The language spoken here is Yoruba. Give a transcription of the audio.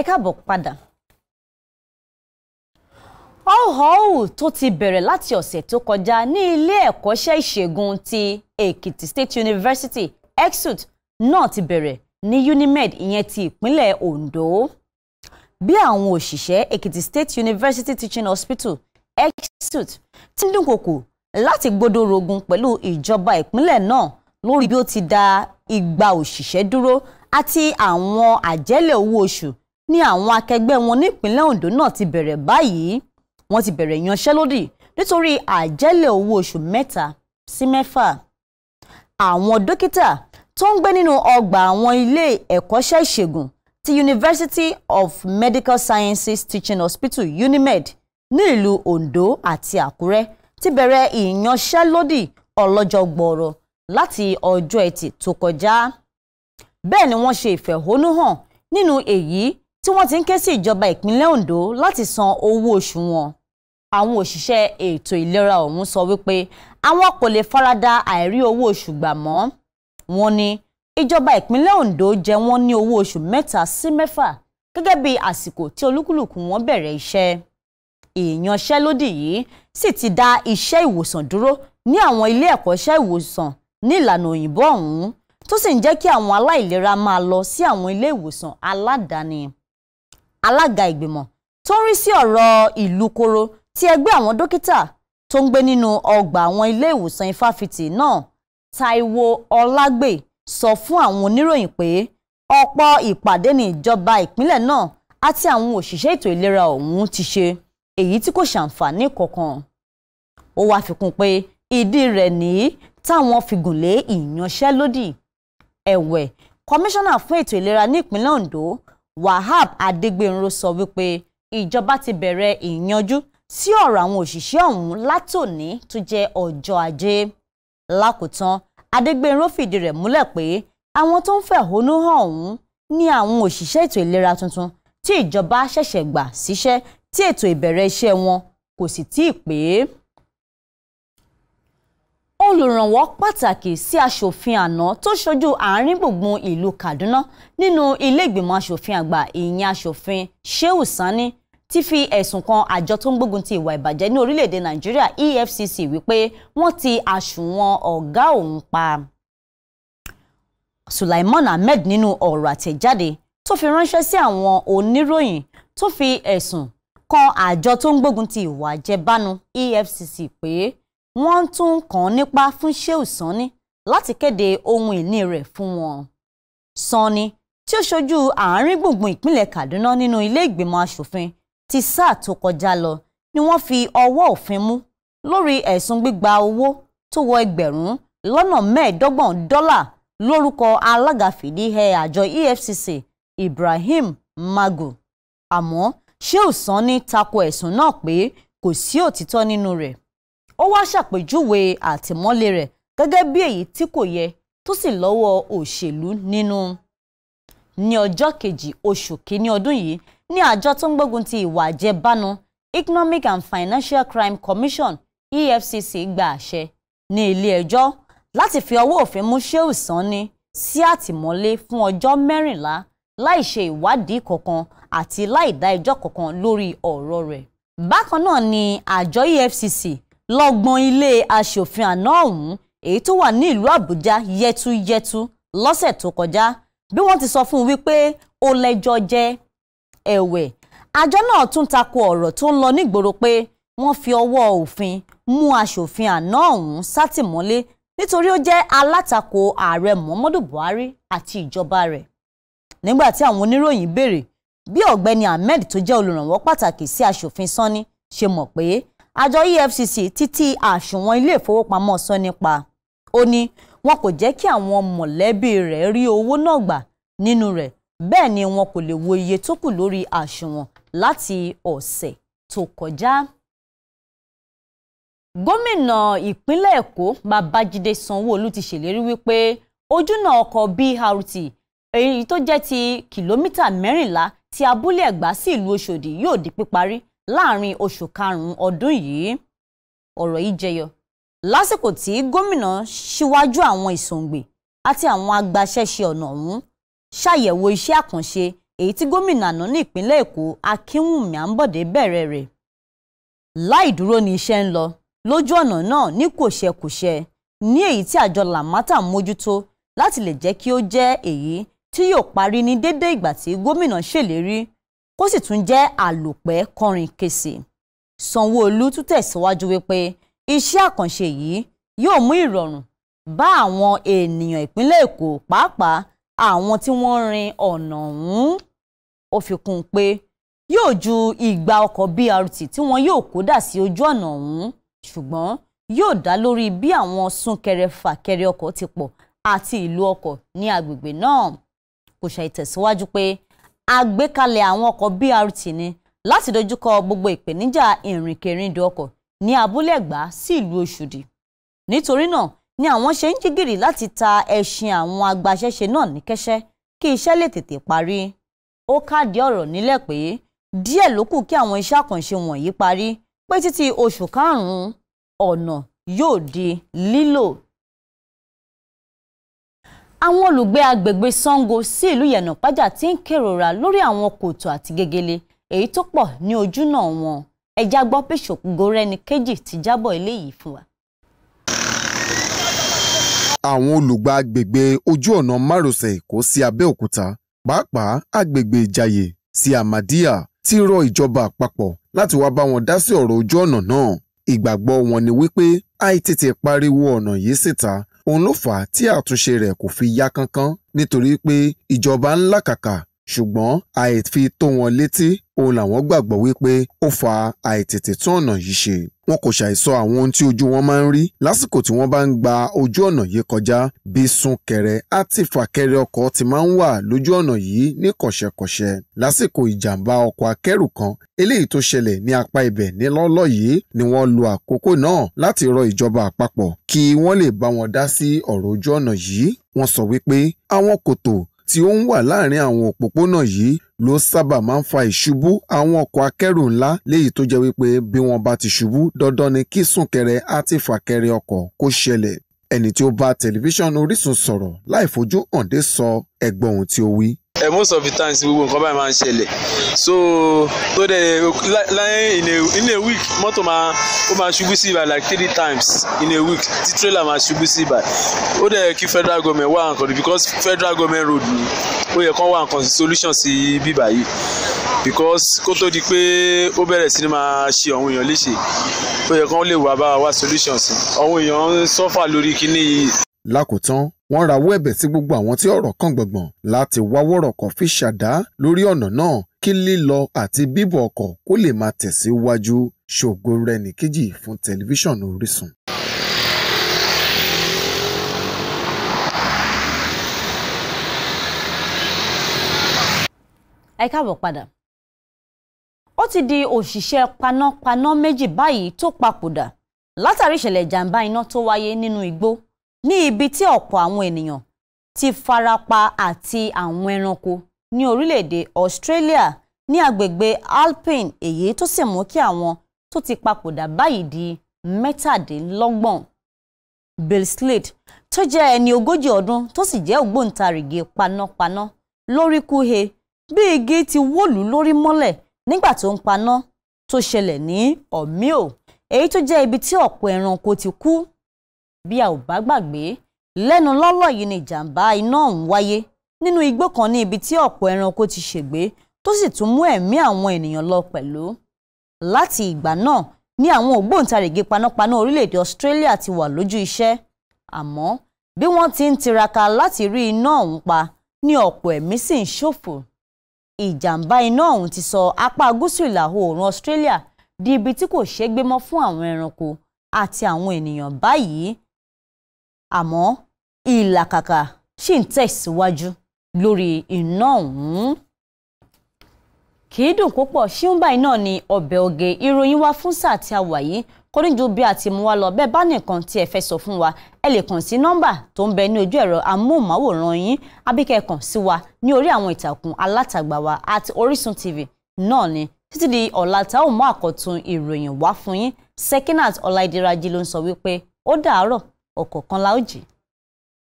ẹ káàbọ̀ padà. họ́ọ̀họ́ọ̀ tó ti bẹ̀rẹ̀ láti ọ̀sẹ̀ tó kọjá ní ilé ẹ̀kọ́ṣẹ́ ìṣègùn ti Èkìtì State University ECSUT náà ti bẹ̀rẹ̀ ní UNIMED ìyẹn ti ìpínlẹ̀ Ondo bí àwọn òṣìṣẹ́ Èkìtì State University Teaching Hospital ECSUT ti ń dúnkokò láti gbódò rogun pẹ̀lú ìjọba ìpínlẹ̀ náà lórí bí ó ti dá igba òṣìṣẹ́ dúró àti àwọn àjẹ́lẹ̀ owó oṣù ni àwọn akẹgbẹ́ wọn nípínlẹ̀ Ondo náà ti bẹ̀rẹ̀ báyìí wọ́n ti bẹ̀rẹ̀ ìyanṣẹ́lódì nítorí àjẹ́lẹ̀ owó oṣù mẹ́ta sí mẹ́fà àwọn dókítà tó ń gbé nínú ọgbà àwọn ilé ẹ̀kọ́ṣẹ́ ìṣègùn ti University of Medical Sciences Teaching Hospital UNIMED ní ìlú Ondo àti Àkúrẹ́ ti bẹ̀rẹ̀ ìyanṣẹ́lódì ọlọ́jọ́ gbọọrọ láti ọjọ́ Ẹtì tó kọjá bẹ́ẹ̀ ni wọ́n ṣe ìfẹ̀hónúhàn nínú èyí tí wọ́n ti ń ké sí ìjọba ìpínlẹ̀ Ondo láti san owó oṣù wọn àwọn òṣìṣẹ́ ètò ìlera ọ̀hún sọ wípé àwọn kò lè farada àìrí owó oṣù gbà mọ́ wọ́n ní ìjọba ìpínlẹ̀ Ondo jẹ wọ́n ní owó oṣù mẹ́ta sí mẹ́fà gẹ́gẹ́ bí àsìkò tí olúkúlùkù wọn bẹ̀rẹ̀ iṣẹ́ ìyanṣẹ́lódì yìí sì ti dá iṣẹ́ ìwòsàn dúró ní àwọn ilé ẹ̀kọ́ṣẹ́ ìwòsàn ní ìlànà òyìnbó ọ̀hún tó sì ń jẹ́ kí àwọn aláìlera máa lọ sí àwọn ilé ìwòsàn aládàáni alága ìgbìmọ̀ tó ń rí sí ọ̀rọ̀ ìlúkoro ti ẹgbẹ́ àwọn dókítà tó ń gbé nínú ọgbà àwọn ilé ìwòsàn ifáfitì náà Táíwò Ọlágbè sọ fún àwọn oníròyìn pé ọ̀pọ̀ ìpàdé ní ìjọba ìpínlẹ̀ náà àti àwọn òṣìṣẹ́ ètò ìlera ọ̀hún ti ṣe èyí tí kò ṣàǹfààní kankan ó wáá fi kún pé ìdí rẹ̀ nìyí táwọn fi gùn lé ìyanṣẹ́lódì ẹ̀wẹ̀ kọmíṣánná fún ètò ìlera ní ìpínlẹ̀ Ondo Wahab Adégbènrò sọ wípé ìjọba ti bẹ̀rẹ̀ ìyanjú sí ọ̀rọ̀ àwọn òṣìṣẹ́ ọ̀hún látòní tó jẹ́ ọjọ́ ajé lákòótán Adégbènrò fìdí rẹ̀ múlẹ̀ pé àwọn tó ń fẹ̀hónú hàn ọ̀hún ní àwọn òṣìṣẹ́ ètò ìlera tuntun tí ìjọba ṣẹ̀ṣẹ̀ gbà síṣẹ́ tí ètò ìbẹ̀rẹ̀ iṣẹ́ wọn kò sì tíì pé olùrànwọ́ pàtàkì sí aṣòfin àná tó ṣojú àárín gbùngbùn ìlú Kaduna nínú iléègbìmọ̀ aṣòfin àgbà ìyẹn aṣòfin Shehu Sani ti fi ẹ̀sùn kan àjọ tó ń gbógun ti ìwà ìbàjẹ́ ní orílẹ̀-èdè Nàìjíríà EFCC wípé wọ́n ti àsùnwọ̀n ọ̀gá òun pa. Sulaiman Ahmed nínú ọ̀rọ̀ àtẹ̀jáde tó fi ránṣẹ́ sí àwọn oníròyìn tó fi ẹ̀sùn kan àjọ tó ń gbógun ti ìwà àjẹbánu EFCC pé wọ́n tún kàn nípa fún Shehu Sanni láti kéde ohun ìní rẹ̀ fún wọn. Sanni tí ó ṣojú àárín gbùngbùn ìpínlẹ̀ Kaduna nínú ilé ìgbìmọ̀ asòfin ti sáà tó kọjá lọ ni wọ́n fi ọwọ́ òfin mú lórí ẹ̀sùn gbígba owó tó wọ ẹgbẹ̀rún lọ́nà mẹ́ẹ̀ẹ́dọ́gbọ̀n dọ́là lórúkọ alága fìdíhẹ àjọ EFCC Ibrahim Magu àmọ́ Shehu Sanni tako ẹ̀sùn náà pé kò sí òtítọ́ nínú rẹ̀ ó wá ṣàpèjúwe àtìmọ́lé rẹ̀ gẹ́gẹ́ bí èyí tí kò yẹ tó sì lọ́wọ́ òṣèlú nínú. ní ọjọ́ kejì oṣù kínní ọdún yìí ní àjọ tó ń gbógun ti ìwà àjẹbánu Economic and Financial Crime Commission EFCC gba àṣẹ ní ilé-ẹjọ́ láti fi ọwọ́ òfin mú Shehu Sanni sí àtìmọ́lé fún ọjọ́ mẹ́rìnlá láì ṣe ìwádìí kankan àti láì dá ẹjọ́ kankan lórí ọ̀rọ̀ rẹ̀. bákan náà ni àjọ EFCC lọ́gbọ̀n ilé aṣòfin àná ọ̀hún èyí tó wà ní ìlú Àbújá yẹtúyẹtú lọ́sẹ̀ tó kọjá bí wọ́n ti sọ fún un wípé ó lẹ́jọ́ jẹ́ ẹ̀wẹ̀ àjọ náà tún tako ọ̀rọ̀ tó ń lọ nígboro pé wọ́n fi ọwọ́ òfin mú aṣòfin àná ọ̀hún sátìmọ́lé nítorí ó jẹ́ alátakò ààrẹ Muhammadu Buhari àti ìjọba rẹ̀ nígbà tí àwọn oníròyìn béèrè bí ọ̀gbẹ́ni Ahmed tó jẹ́ olùrànwọ́ pàtàkì sí aṣòfin Sanni ṣe mọ̀ pé àjọ EFCC títí àsùnwọ̀n ilé ìfowópamọ́ sọ nípa ó ní wọn kò jẹ́ kí àwọn mọ̀lẹ́bí rẹ̀ rí owó náà gbà nínú rẹ̀ bẹ́ẹ̀ ni wọn kò lè wo iye tó kù lórí àsùnwọ̀n láti ọ̀sẹ̀ tó kọjá. gómìnà ìpínlẹ̀ Èkó Babájídé Sanwó-Olú ti ṣèlérí wípé ojúnà ọkọ̀ BRT èyí tó jẹ́ ti kìlómítà mẹ́rìnlá ti abúlé Ẹ̀gbá sí ìlú Òṣòdì yóò di píparí láàrin oṣù karùn-ún ọdún yìí ọ̀rọ̀ yìí jẹyọ lásìkò tí gómìnà ṣíwájú àwọn ìsòǹgbè àti àwọn agbaṣẹ́ṣe ọ̀nà ọ̀hún ṣàyẹ̀wò iṣẹ́ àkànṣe èyí tí gómìnà àná ní ìpínlẹ̀ èkó akínwùmí àǹbọ̀dé bẹ̀rẹ̀ rẹ̀ láì dúró ni iṣẹ́ ń lọ lójú ọ̀nà náà ní kòṣẹkòṣẹ ní èyí tí àjọ làmátà mójútó láti lè jẹ́ kí ó jẹ́ èyí tí yóò parí ní déédéé ìgbà tí gómìnà ṣèlérí kó sì tún jẹ́ àlòpẹ́ kọrin kèsì Sanwó-Olú tún tẹ̀síwájú wípé iṣẹ́ àkànṣe yìí yóò mú ìrọ̀rùn bá àwọn ènìyàn ìpínlẹ̀ Èkó pàápàá àwọn tí wọ́n rin ọ̀nà ọ̀hún ó fi kún un pé yóò ju igba ọkọ̀ BRT tí wọn yóò kó dà sí ojú ọ̀nà ọ̀hún ṣùgbọ́n yóò dá lórí bí àwọn súnkẹrẹ ọkọ̀ ti pọ̀ àti ìlú ọkọ̀ ní agbègbè náà kò ṣàì pé àgbékalẹ̀ àwọn ọkọ̀ BRT ni láti dojúkọ gbogbo ìpèníjà ìrìnkèrindò ọkọ̀ ní abúlé Ẹ̀gbá sí ìlú Òṣùdì nítorí náà ni àwọn ṣe ń jí láti ta ẹṣin àwọn agbaṣẹ́ṣe náà ní kẹ́ṣẹ́ kí iṣẹ́ lè tètè parí ó káàdì ọ̀rọ̀ nílẹ̀ pé díẹ̀ ló kù kí àwọn iṣẹ́ àkànṣe wọ̀nyí parí pé títí oṣù karùn-ún ọ̀nà yóò di lílò àwọn olùgbé agbègbè Sango sí ìlú Yẹ̀nàpájà ti ń kérora lórí àwọn kòtò àti gegele èyí tó pọ̀ ní ojúnà wọn ẹ̀já gbọ́ Bíṣọ̀pù Gọ̀rẹ́níkejì ti jábọ̀ eléyìí fún wa àwọn olùgbà agbègbè ojú ọ̀nà márosẹ̀ èkó sí abẹ́òkúta pàápàá agbègbè ìjàyè sí amadiya ti rọ ìjọba àpapọ̀ láti wá bá wọn dá sí ọ̀rọ̀ ojú ọ̀nà náà ìgbàgbọ́ wọn ni wípé àìtètè pariwo ọ̀nà yìí síta Òun ló fà á tí àtúnṣe rẹ̀ kò fi yá kánkán nítorí pé ìjọba ń làkàkà ṣùgbọ́n àìfi tó wọn létí òun làwọn gbàgbọ́ wípé ó fa àìtètè tún ọ̀nà yìí ṣe wọn kò ṣàìsọ àwọn ohun tí ojú wọn máa ń rí lásìkò tí wọ́n bá ń gba ojú ọ̀nà yìí kọjá bí súnkẹrẹ àti fàkẹrẹ ọkọ̀ ti máa ń wà lójú ọ̀nà yìí ní kọ̀ṣẹ̀kọ̀ṣẹ̀ lásìkò ìjàmbá ọkọ̀ akẹ́rù kan eléyìí tó ṣẹlẹ̀ ní apá ibẹ̀ nílọ́lọ́ yìí ni wọ́n lo àkókò náà láti rọ ìjọba àpapọ̀ kí wọ́n lè bá wọn dá sí ọ̀rọ̀ ojú ọ̀nà yìí wọ́n sọ wípé àwọn kòtò tí ó ń wà láàárín àwọn òpópónà yìí ló sábà máa ń fa ìṣubú àwọn ọkọ̀ akẹ́rù ńlá léyìí tó jẹ́ wípé bí wọ́n bá ti ṣubú dandan ni kí súnkẹrẹ àti fàkẹrẹ ọkọ̀ kó ṣẹlẹ̀ ẹni tí ó bá tẹlifíṣàn Orísun sọ̀rọ̀ láì fojú hànde sọ ẹgbọ́n ohun tí ó wí eh, most of the times gbogbo nǹkan báyìí máa ń ṣẹlẹ̀ so tó dẹ̀ láyé in a in a week mọ́tò máa ó máa ṣubú sí ibà like three times in a week tí trailer máa ṣubú sí ibà ó dẹ̀ kí federal government wá nǹkan because federal government road ni ó yẹ kán wá nǹkan solution sí bíbà yìí because kó tó di pé ó bẹ̀rẹ̀ sí ni máa ṣe àwọn èèyàn léṣe ó yẹ kán lè wá bá wa solution sí àwọn èèyàn ń sọ́fà lórí kíní yìí. Lákòótán wọ́n rawọ́ ẹ̀bẹ̀ sí gbogbo àwọn tí ọ̀rọ̀ kàn gbọ̀ngbọ̀n láti wá wọ́rọ̀kọ̀ fi ṣàdá lórí ọ̀nà náà kí lílọ àti bíbọ̀ ọkọ̀ kó lè máa tẹ̀síwájú. Ṣògo rẹ̀ nìkejì fún tẹlifíṣàn Orísun. ẹ káàbọ̀ padà ó ti di òṣìṣẹ́ panápaná méjì báyìí tó papòdà látàrí ìṣẹ̀lẹ̀ ìjàmbá iná tó wáyé nínú igbó ní ibi tí ọ̀pọ̀ àwọn ènìyàn ti farapa àti àwọn ẹranko ní orílẹ̀-èdè Australia ní agbègbè Alpine èyí tó sì mú kí àwọn tó ti papòdà báyìí di mẹ́tàdínlọ́gbọ̀n. Bill Slade tó jẹ́ ẹni ogójì ọdún tó sì jẹ́ ògbóǹtarìgì panápaná lórí kúhe bí igi ti wólù lórí mọ́lẹ̀ nígbà tó ń paná tó ṣẹlẹ̀ ní Omeo èyí tó jẹ́ ibi tí ọ̀pọ̀ ẹranko ti kú bí a ò bá gbàgbé lẹ́nu lọ́lọ́ yìí ni ìjàmbá iná ọ̀hún wáyé nínú igbó kan ní ibi tí ọ̀pọ̀ ẹranko ti ṣègbé tó sì tún mú ẹ̀mí àwọn ènìyàn lọ pẹ̀lú láti ìgbà náà ni àwọn ògbóǹtarìgì panápaná orílẹ̀-èdè Australia ti wà lójú iṣẹ́ àmọ́ bí wọ́n ti ń tiraka láti rí iná ọ̀hún pa ní ọ̀pọ̀ ẹ̀mí sì ń ṣòfò ìjàmbá iná ọ̀hún ti sọ apá gúúsù ìlà oòrùn Australia di ibi tí kò ṣeé gbé mọ́ fún àwọn ẹranko àti àwọn ènìyàn báyìí àmọ́ ìlàkàkà ṣì ń tẹ̀síwájú lórí iná ọ̀hún. kì í dùn púpọ̀ ṣíúnbà iná ni ọbẹ̀ oge ìròyìn wa fún sáà tí a wà yìí kò ní ju bí a ti mú wa lọ bẹ́ẹ̀ bá nìkan tí ẹ fẹ́ sọ fún wa ẹ lè kàn sí nọ́mbà tó ń bẹ ní ojú ẹ̀rọ amóhùnmáwòrán yín abíkẹ́ sí wa ní orí àwọn ìtàkùn alátagbà wa at Orísun TV náà ni títí di ọ̀la tá ò mú àkọ́tún ìròyìn wá fún yín Sekinat Ọláìdíraji ló ń sọ wípé ó dàárọ̀ ọkọ̀ kan la